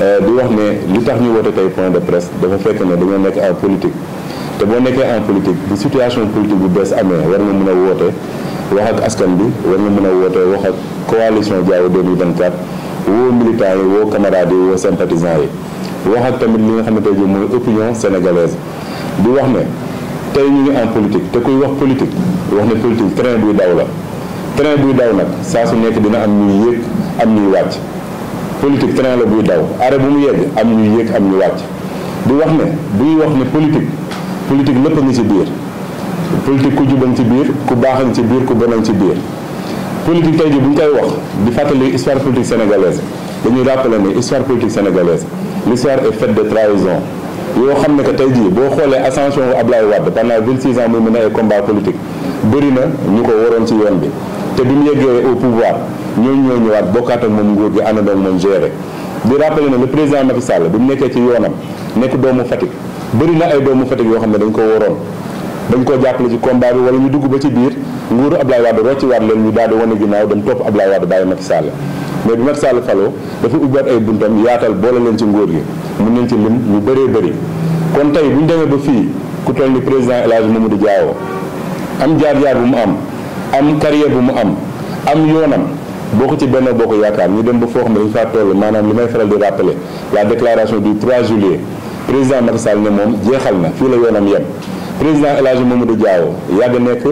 Euh, di wax ne li tax ñu woote tey point de presse dafa fekk ne dañoo nekk en politique te boo nekkee en politique bu situation politique bu bees amee war nga mën a woote wax ak askan bi war nga mën a woote wax ak coalition Diao 2024 woo militants yi woo camarades yi woo sympathisants yi wax ak tamit li nga xamante ne mooy opinion sénégalaise di wax ne tey ñu ngi en politique te kuy wax politique wax ne politique train buy daw la train buy daw nag saa su nekk dina am ñuy yéeg am ñuy wàcc politique train la buy daw arrêt bu mu yegg am ñu yéeg am ñu wàcc di wax ne bu ñuy wax ne politique politique lépp a ngi ci biir politique ku juban ci biir ku baaxan ci biir ku bonan ci biir politique tey jii bu ñu koy wax di fàttali histoire politique sénégalaise dañuy rappeler ne histoire politique sénégalaise l'histoire est de trahison yoo xam ne que tey jii boo xoolee ascension wu Ablaye Wade pendant 26 ans muy mën ay combat politique bëri na ñu ko waroon ci yoon bi te bi mu yeggee au pouvoir ñooñu ñoo ñëwaat bokkaat ak moom nguur gi ànd ak moom géré di rappelé ne le président Macky Sall bi mu nekkee ci yoonam nekk doomu Fatick bari na ay doomu Fatick yoo xam ne dañ ko waroon dañ koo jàppale ci combat bi wala ñu dugg ba ci biir nguuru Ablaye Wade rocciwaat leen ñu daal di wane ginnaaw dem topp Ablaye Wade bàyyi Macky Sall mais bi Macky Sall faloo dafa ubbaat ay buntam yaatal boole leen ci nguur gi mun nañ ci lim ñu bëree bëri kon tey bu ñu demee ba fii ku toll ni président El Hadji Mamadou Diawo am jaar-jaar bu mu am am carrière bu mu am am yoonam boo ko ci Benno Bokk Yaakaar ñu dem ba foo xam ne dañu faa toll maanaam li may faral di rappeler la déclaration du 3 juillet président Macky Sall ne moom jeexal na fii la yoonam yem président moom Hadji du Diawo yàgg nekk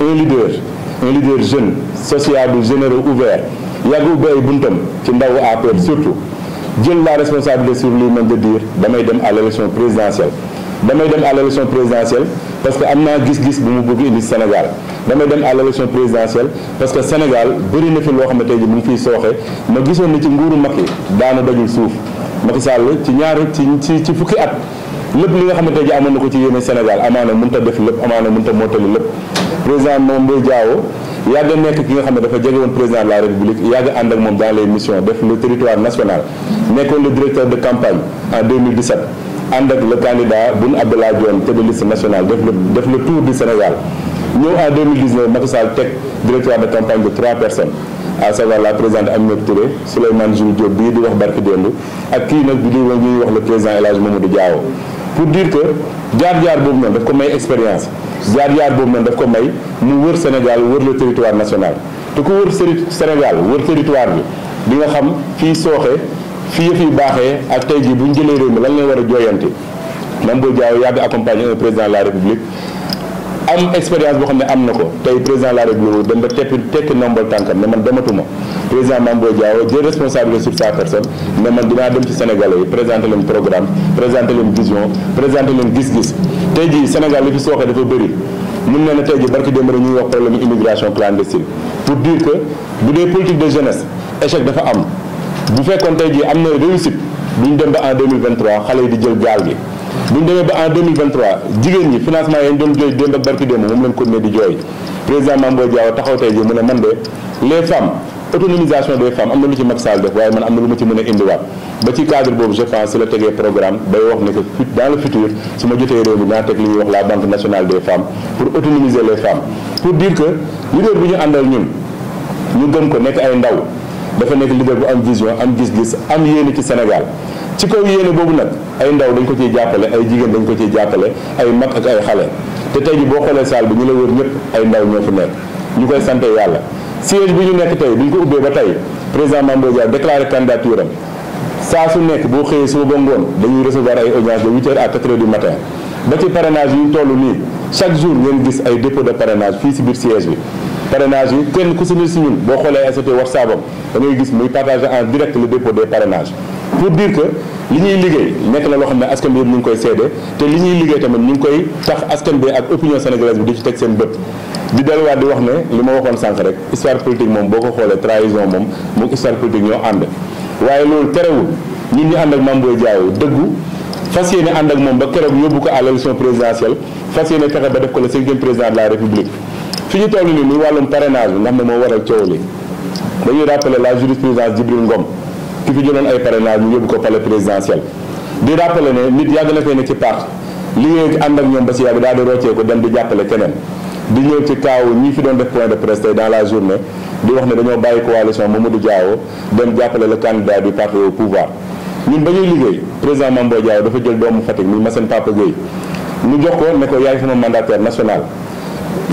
un leader un leader jeune sociable généreux ouvert yàgg ubbi ay buntam ci ndawu APR surtout jël la responsabilité sur lui-même de dire damay dem à l'élection présidentielle damay dem à l'élection présidentielle parce que am naa gis-gis bu mu bëgg indi Sénégal damay dem à l'élection présidentielle parce que Sénégal bëri na fi loo xam ne tey ji mu ngi fiy sooxe ma gisoon ne ci nguuru Macky daana dajul suuf Macky Sall ci ñaari ci ci fukki at lépp li nga xamante ji amoon na ko ci yéene Sénégal amaana mënut a def lépp amaana mënut a mottali lépp président moom Mbaye Diao yàgg nekk ki nga xam ne dafa jege woon président de la république yàgg ànd ak moom dans les missions def ànd ak le candidat Boun Abdallah Dionne te de liste nationale def le def le tour du Sénégal ñëw en 2019 teg directoire de campagne de trois personnes à la présidente Aminata Touré Souleymane Jules Diop bii di wax barki démb ak kii nag bi di wax ñuy wax le président El Hadj Mamadou pour dire que jaar-jaar boobu noonu daf ko may expérience jaar-jaar boobu noonu daf ko may mu wër Sénégal wër le territoire national te ku wër Sénégal wër territoire bi di nga fi yëf yi baaxee ak tey jii bu ñu jëlee réew mi lan lay war a jooyante Mame Boye Diao yàgg président la république am expérience boo xam ne am na ko tey président la république dem ba tekki tekki nombal tànkam ne man dematuma président Mame Boye Diao jël responsabilité sur sa personne ne man dinaa dem ci Sénégalais yi présenté leen programme présenté leen vision présenté leen gis-gis tey jii Sénégal li fi dafa bëri mun na ne tey jii barki démb rek ñuy wax problème immigration clandestine pour dire que bu dee politique de jeunesse échec dafa am bu fekkoon tey jii am na réussite duñ dem ba en 2023 xale yi di jël gaal gi buñ demee ba en 2023 jigéen ñi financement yi ñu doon jooy démb ak barki démb moom lañ ko ne di jooy président Mame Boye taxaw tey jii mu ne man de les femmes autonomisation des femmes am na lu ci Macky Sall def waaye man am na lu ma ci mën a indiwaat ba ci cadre boobu je pense si la tegee programme bay wax ne que dans le futur su ma jotee réew mi naa teg li ñuy wax la banque nationale des femmes pour autonomiser bu ñu àndal ñun ñu gëm ko nekk ay ndaw dafa nekk leader bu am vision am gis-gis am yéene ci Sénégal ci kaw yéene boobu nag ay ndaw dañ ko ciy jàppale ay jigéen dañ ko ciy jàppale ay mag ak ay xale te tey boo xoolee saal bi ñu la wër ñëpp ay ndaw ñoo fi nekk ñu koy sante yàlla siège bi ñu nekk tey bi ñu ko ubbee ba tey président Mame Boye Diao déclaré candidature am saa su nekk boo xëyee suba ba ngoon dañuy recevoir ay audience de 8 heures à 4 heures du matin ba ci parrainage yu ñu toll nii chaque jour ngeen gis ay dépôt de fii si biir siège bi parrainage yi kenn ku si ne si ñun boo xoolee ACT WhatsApp am da gis muy partager en direct le dépôt des parrainages pour dire que li ñuy liggéey nekk na loo xam ne askan bi yëpp ñu ngi koy seede te li ñuy liggéey tamit ñu ngi koy tax askan bi ak opinion sénégalaise bi di ci teg seen bët di delluwaat di wax ne li ma waxoon sànq rek histoire politique moom boo ko xoolee trahison moom moom histoire politique ñoo ànd waaye loolu terewul ñun ñu ànd ak Mame Boye Diao dëggu fas fi ñu toll nii muy wàllum parrainage bi nga xam ne moo waral coow li dañuy rappeler la jurisprudence Djibril Ngom ki fi jëleen ay parrainage ñu yóbbu ko palais présidentiel nit yàgg na fee ne ci parti liggéey ak ñoom ba si yàgg daal di roccee ko dem di jàppale keneen di ñëw ci kaaw ñi fi doon def point de presse tey dans la journée di wax ne dañoo bàyyi coalition Mamadou Diawo dem jàppale le candidat du parti pouvoir ñun ba ñuy liggéey président Mambo Diaw dafa jël doomu Fatick muy Massène Papa jox ko ne ko yaay sama mandataire national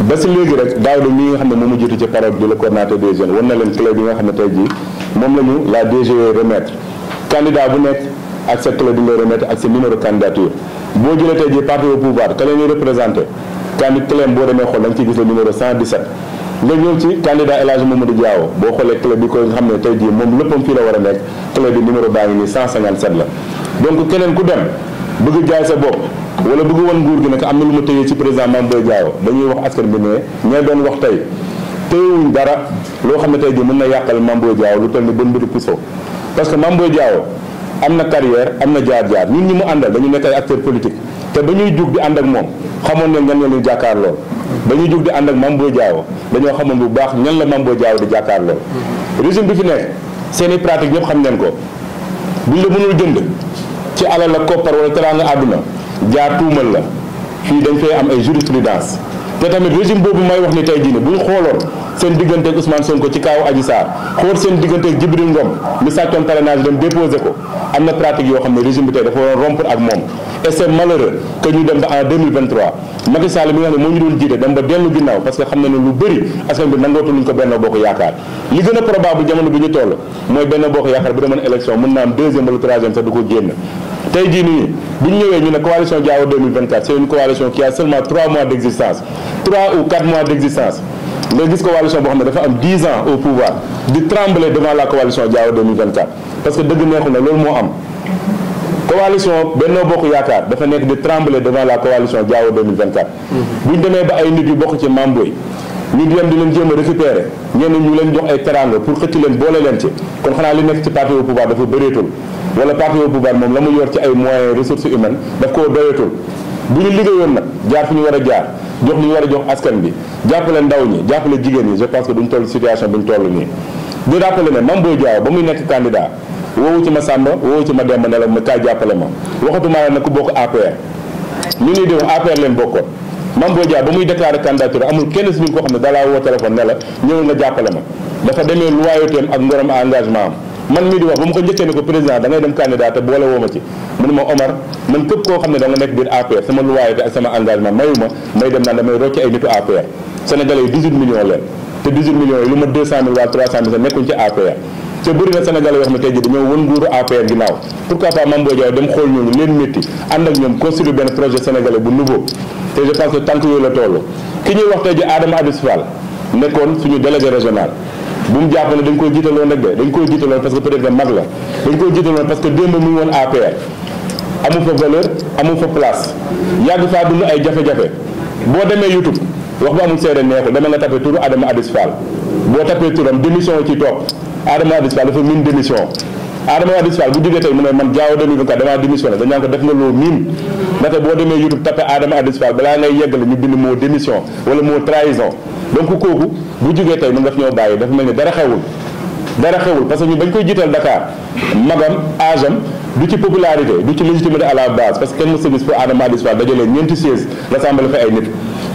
ba si léegi rek Daouda mii nga xam ne moom mu jiitu ci parole bi le coordonnateur des jeunes wan na leen clé bi nga xam ne tey jii moom la la DGE remettre candidat bu nekk ak sa clé bi boo jëlee tey jii parti au pouvoir te boo xoolee clé bi ko nga xam ne keneen ku dem bëgg jaay sa bopp wala bëgg wan nguur gi nag am na lu ma téye ci président Mame Boye Diao dañuy wax askan bi ne ñee doon wax tey téyewuñ dara loo xam ne tey ji mën na yàqal Mame Boye Diao lu toll ni bën mbiri puso parce que Mame Boye Diao am na carrière am na jaar-jaar ñi mu àndal dañu nekk ay acteur te ba ñuy jug di ànd ak moom xamoon ne ñan ñoo ñu jàkkaar lool ba ñuy jug di ànd ak Mame Boye Diao dañoo xamoon bu baax ñan la Mame Boye Diao di jàkkaar lool régime bi fi ne seen pratique ñëpp xam neen ko buñ la mënul jënd ci alal la koppar wala teraanga àdduna jaar tuumal la fii dañ fay am ay jurisprudence te tamit régime boobu may wax ni tey jii nii bu xooloon seen digganteeg Ousmane Sonko ci kaawu Adji Sarr xool seen digganteeg Djibril Ngom mi sàccoon parrainage dem déposé ko am na pratique yoo xam ne régime bi tey dafa waroon rompre ak moom. et c' est ñu dem ba en 2023 Macky nga xam ne moo ñu doon jiite dem ba dellu ginnaaw parce que xam na ne lu bëri askan bi nangootu luñ ko ñu ko génn tey bu ñu ñëwee ñu ne coalition Diao 2024 c'est une coalition qui a seulement 3 mois d'existence 3 ou 4 mois d'existence nga coalition boo xam ne dafa am 10 ans au pouvoir di trembler devant la coalition Diao 2024 parce que dëgg neexu na loolu moo am coalition Benno Bokk Yaakaar dafa nekk di trembler devant la coalition Diao 2024 bu ñu demee ba ay nit yu bokk ci Mamboy ñu di leen di leen jéem a récupérer ñenn ñu leen jox ay teranga pour xëcc leen boole leen ci kon xanaa li nekk ci parti au pouvoir dafa bëreetul wala parti au pouvoir moom la mu yor ci ay moyens ressources humaines daf koo doyatul bu ñu liggéeyoon nag jaar fi ñu war a jaar jox li ñu war a jox askan bi jàppale ndaw ñi jàppale jigéen ñi je pense que duñ toll situation bi ñu toll nii di rappelé ne Mame Boye Diao ba muy nekk candidat woowu ci ma Samba woowu ci ma ne la ma kaay jàppale ma waxatuma la nag ku bokk APR ñu ni di wax APR leen bokkoon Mame Boye Diao ba muy déclaré candidature amul kenn si ñun koo xam ne dalaa woo téléphone ne la nga jàppale ma dafa demee loyauté ak ngorom engagement am man mii di wax ba mu ko njëkkee ne ko président da dem candidat te boole woo ma ci mu ne ma Omar man képp koo xam ne da nga nekk biir APR sama loyauté ak sama engagement mayu may dem naan damay rocci ay nitu APR sénégalais yi 18 millions leen te 18 millions yi lu ma 200 000 waa te bëri na sénégalais yoo xam ne tey dañoo won nguuru APR ginnaaw pourquoi pas Mame Boye Diao dem xool ñoom leen métti ànd ak ñoom construire benn projet sénégalais bu nouveau te je pense yooyu la toll ki ñuy wax tey ji Adama Abis nekkoon suñu délégué régional bu mu jàpp ne dañ koy jiitaloon rek de dañ koy jiitaloon parce que peut-être que mag la dañ koy jiitaloon parce que démb mu ngi APR amu fa valeur amu fa place yàgg faa boo demee YouTube wax bu amul seede neexul dama nga tapé turu Adama Abis Adama Hadis Fall dafa miin démission Adama Hadis bu jógee tey mu ne man Diao 2024 damaa démissionné dañ naan ko def nga loo miin ndaxte boo demee YouTube tapé Adama Hadis balaa ngay yeggale ñu bind moo démission wala moo trahison donc kooku bu jógee tey mun daf ñoo bàyyi dafa mel ni dara xewul dara xewul parce que bañ koy jiital Dakar magam âge du ci popularité du ci légitimité à la base parce que kenn mës a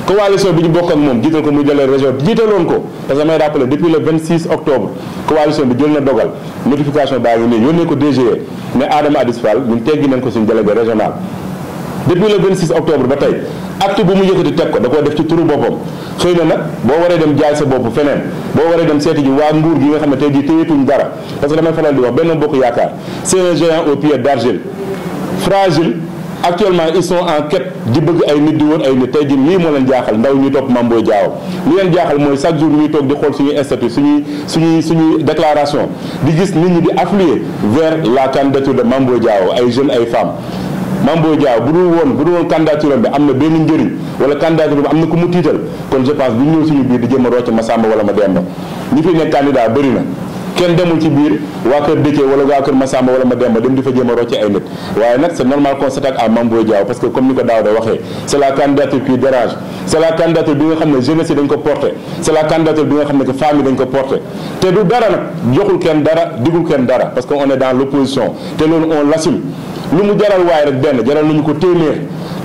coalition bi ñu bokk moom jiital ko muy jëlee région jiitaloon ko parce que may rappelé depuis le 26 octobre coalition bi jël na dogal notification baa ngi nii yónnee ko DGE mais Adama Adis Fall ñun teggi nañ ko suñu délégué régional. depuis le octobre ba tey acte bu mu yëkkati teg ko da koo def ci turu boppam xëy na nag boo waree dem jaay sa bopp feneen boo waree dem seeti ji waa nguur gi nga xam ne tey jii téyetuñ dara parce que damay faral di wax benn actuellement ils sont en quête di bëgg ay nit di wër ay nit tey jii lii moo leen jaaxal ndaw ñu topp Mame Boye li leen jaaxal mooy chaque jour ñuy toog di xool suñuy statut suñuy suñuy suñuy déclaration di gis nit ñi di affluer vers la candidature de Mame Boye Diao ay jeunes ay femmes Mame Boye Diao bu dul woon bu dul woon candidature bi am na benn njëriñ wala candidature bi am na ku mu tiital kon je pense bu ñëw suñu biir di jëm a rocc ma sàmba wala ma demba bëri na kenn demul ci biir waa kër Déthié wala waa kër Massamba wala Mademba dem di fa jéem a rocce ay nit waaye nag c'est normal qu'on s'attaque à Mame parce que comme ni ko Daouda waxee c'est la candidature qui dérange c'est la candidature bi nga xam ne jeunesse dañ ko porté c'est la candidature bi nga xam ne que dañ ko porté te du dara nag joxul kenn dara digul kenn dara parce que on est dans l'opposition te loolu on l'assume lu mu jaral waaye rek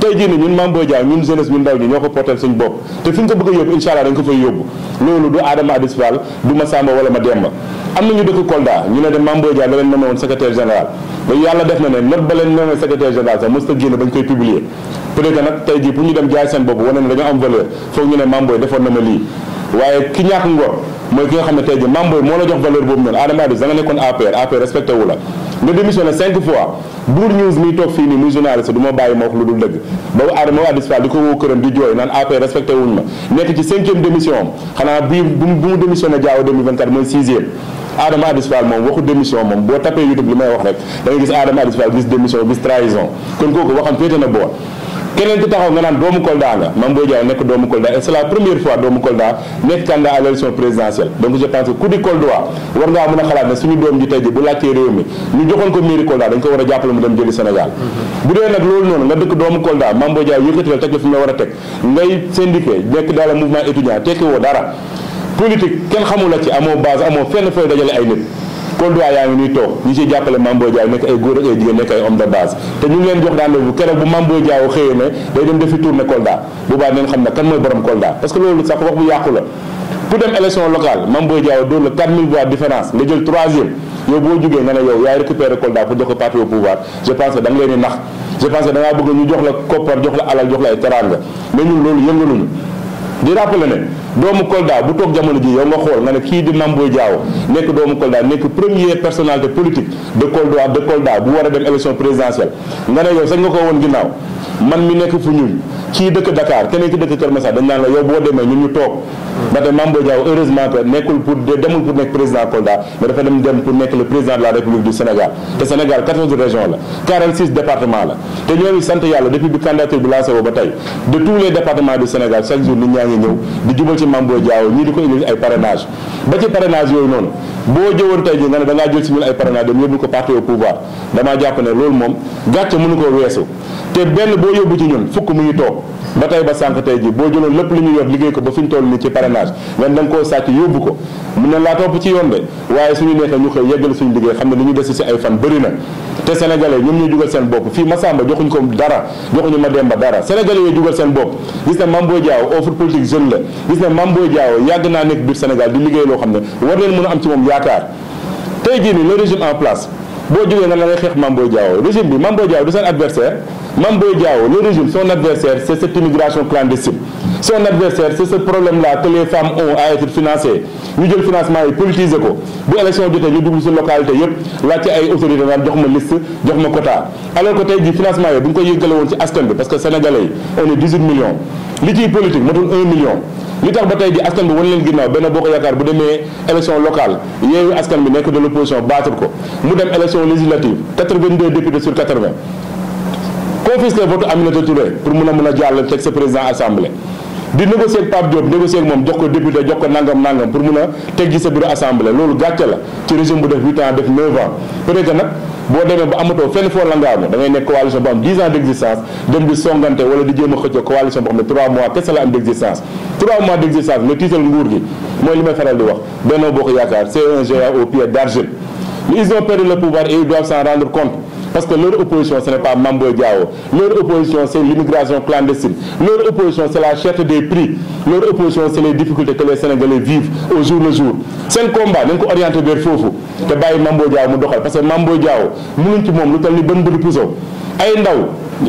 tey jii nii ñun Mame Boye Diao ñun jeunesse bi ndaw ñi ñoo ko porté suñu bopp te a yóbbu incha yàlla def na ne note ba leen nommé secrétaire général sax mosut a génn bañ koy publier peut nag tey jii pour ñu dem jaay seen bopp moo la jox valeur boobu noonu Adama Adis da nekkoon APR APR respecté la nga démissionné cinq fois Bour News miy toog fii nii muy journaliste du ma bàyyi ma wax lu dul dëgg ba Adama Adis Fall di ko woo këram di jooy naan APR respecté wuñ ma nekk ci cinquième démission am xanaa bii bu mu démissionné Diao 2024 mooy sixième Adama Adis Fall moom waxu démission moom boo tapee YouTube li may wax rek da gis Adama Adis Fall gis démission gis trahison kon kooku waxam féete na boor keneen ku taxaw nga naan doomu Kolda nga Mame Boye Diao nekk doomu Kolda et c'est la première fois doomu Kolda nekk candidat à présidentielle donc je pense ku di Koldois war ngaa mën a xalaat ne suñu doom ji tey ji bu laajtee réew mi ñu joxoon ko mairie Kolda dañ ko war a jàppale mu dem jëli Sénégal bu dee nag loolu noonu nga dëkk doomu Kolda Mame Boye yëkkati la teg la mu la war a teg ngay syndiqué nekk dans mouvement étudiant tekki woo dara Koldoa yaa ngi nii toog ñi ciy jàppale Mame Boye nekk ay góor ak jigéen nekk ay homme de base te ñu ngi leen jox rendez-vous keroog bu Mame Boye Diao xëyee ne day dem defi tourné Kolda boobaa neen xam ne kan mooy borom Kolda parce que loolu sax wax bu yàqu la ku dem élection locale Mame Boye Diao dóor la 4000 voix différence nga jël troisième yow boo jugee nga ne yow yaay récupéré Kolda pour jox ko parti au pouvoir je pense que doomu Kolda bu toog jamono ji yow nga xool nga ne kii di Mame Boye Diao nekk doomu Kolda nekk première personnalité politique de Kolda de Kolda bu war a dem élection présidentielle nga ne yow sañ nga ko woon ginnaaw man mi nekk fu ñuul kii dëkk Dakar keneen ki dëkk Kër Massar dañ naan la yow boo demee ñun ñu toog ndaxte Mame Boye Diao heureusement que nekkul pour demul pour nekk président Kolda mais dafa dem dem pour nekk le président de la République du Sénégal te Sénégal 14 régions la 46 départements la te ñooñu sant yàlla depuis bi candidature bi lancé woo ba tey de tous les départements du Sénégal chaque jour nit ñaa ngi ñëw di jubal ci Mame Boye ñii di ko te benn boo yóbbu ci ñun fukk mu ngi toog ba tey ba sànq tey boo jëloon lépp lu ñu yor liggéey ko ba fi ñu toll nii ci parrainage nga da nga koo sàcc yóbbu ko mun na laa topp ci yoon de waaye suñu nekkee ñu koy yeggal suñu liggéey xam ne li ñu des ci ay fan bëri na te sénégalais ñoom ñoo jugal seen bopp fii Massamba joxuñ ko dara joxuñu ma demba dara sénégalais yooyu jugal seen bopp gis na Mame Boye Diao offre politique jeune la gis ne war leen mën a am ci moom yaakaar tey boo jógee nga la ngay xeex Mame Boye Diao régime bi Mame Boye Diao du seen adversaire Mame Boye Diao le régime son adversaire c'est cette immigration clandestine son adversaire c'est ce problème là que les femmes à être financées ñu jël financement yi politiser ko bu élection jotee ñu dugg ci localité yëpp laajte ay autorité naan jox ma liste jox ma quota alors que tey jii financement yi bu ñu ko yëggale woon ci askan bi parce que sénégalais yi on est li tax ba tey di askan bi wan leen ginnaaw benn boo ko yaakaar bu demee élection locale yeewu askan bi nekk de l'opposition battre ko mu dem élection législative 82 députés sur 80 confisqué vote Aminata Touré pour mun a mun a jàll teg sa président assemblée di négocier ak Pape négocier moom jox ko député jox ko nangam nangam pour mun a teg ci sa bureau assemblée loolu gàcce la ci régime bu def 8 ans def 9 ans peut-être boo demee ba amatoo fenn foo langaamu da ngay nekk coalition bu am 10 ans d' existence dem di songante wala di jéem a xëccoo coalition boo xam ne 3 mois kese la am d' existence mois d' existence nga nguur gi mooy li may faral di wax Benno Bokk Yaakaar c'est un géant au pied d'argile ils ont perdu le pouvoir et ils doivent s'en rendre compte parce que leur opposition ce n'est pas Mamboy Diao leur opposition c'est l'immigration clandestine leur opposition c'est la cherté des prix leur opposition c'est les difficultés que les Sénégalais vivent au jour le jour seen combat nañ ko orienté vers foofu te bàyyi Mamboy Diao mu doxal parce que Mamboy Diao mënuñ ci moom lu tal ni bën bëri puso ay ndaw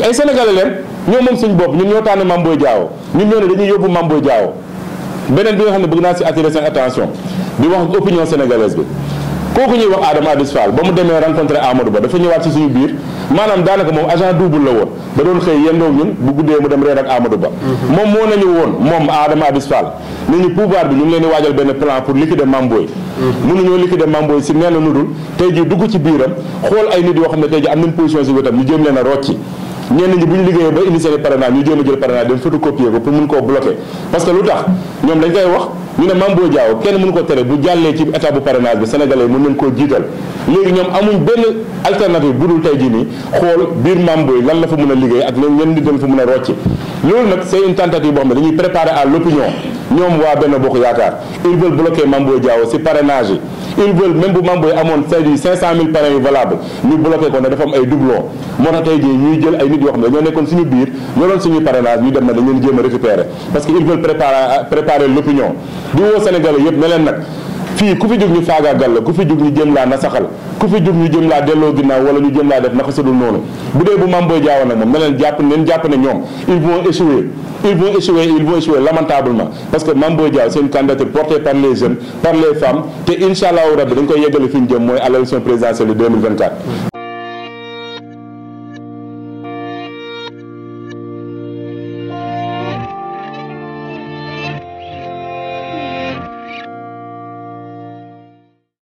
ay Sénégalais leen ñoo moom suñu bopp ñun ñoo tànn Mamboy Diao ñun ñoo ne dañuy yóbbu Mamboy Diao xam ne bëgg naa si kooku ñuy wax Adama Adis Fall ba mu demee rencontré Amadou Ba dafa ñëwaat ci suñu biir maanaam daanaka moom agent double la woon da doon xëy yendoo ñun bu guddee mu dem reer ak Amadou Ba mhm. moom moo nañu woon moom Adama Adis Fall ni ñu pouvoir bi ñu ngi leen di waajal benn plan pour liquider Mamboy mhm. mënuñoo liquider Mamboy si nee nudul tey jii dugg ci biiram xool ay nit yoo xam ne tey jii am nañ position si wetam ñu jéem leen a rocci ñenn ñi bu ñu ñu ne Mame Boye kenn mënu ko tere bu jàllee ci état bu parrainage bi sénégalais yi mën nañu koo jiital léegi ñoom amuñ benn alternative bu dul tey jii nii xool biir Mame Boye lan la fa mun a liggéey ak lan ñen nit dañ fa mën a rocci loolu nag c'est une tentative boo xam ne dañuy préparer à l'opinion ñoom waa benn bokk yaakaar ils veulent bloquer Mame Boye Diao si parrainage yi ils veulent même bu Mame Boye amoon c'est-à-dire 500000 parrains yu valable ñu bloqué ko ne dafa am ay doublons moo tax tey jii ñuy jël ay nit ñoo nekkoon suñu biir ñoroon suñu parrainage ñu dem na dañ leen jéem parce que ils veulent préparer l'opinion di woo Sénégalais yëpp ne nag fii ku fi jóg ñu faagaagal la ku fi jóg ñu jëm laa nasaxal ku fi jóg ñu jëm laa delloo ginnaaw wala ñu jëm laa def naka sudul noonu bu dee bu Mame Boye nag moom na leen jàpp leen jàpp ne ñoom ils vont échouer ils vont échouer ils vont échouer lamentablement parce que Mame Boye Diao c'est une par les jeunes par les femmes te incha allahu rabbi dañ koy yeggale fi ñu jëm mooy à l'élection présidentielle de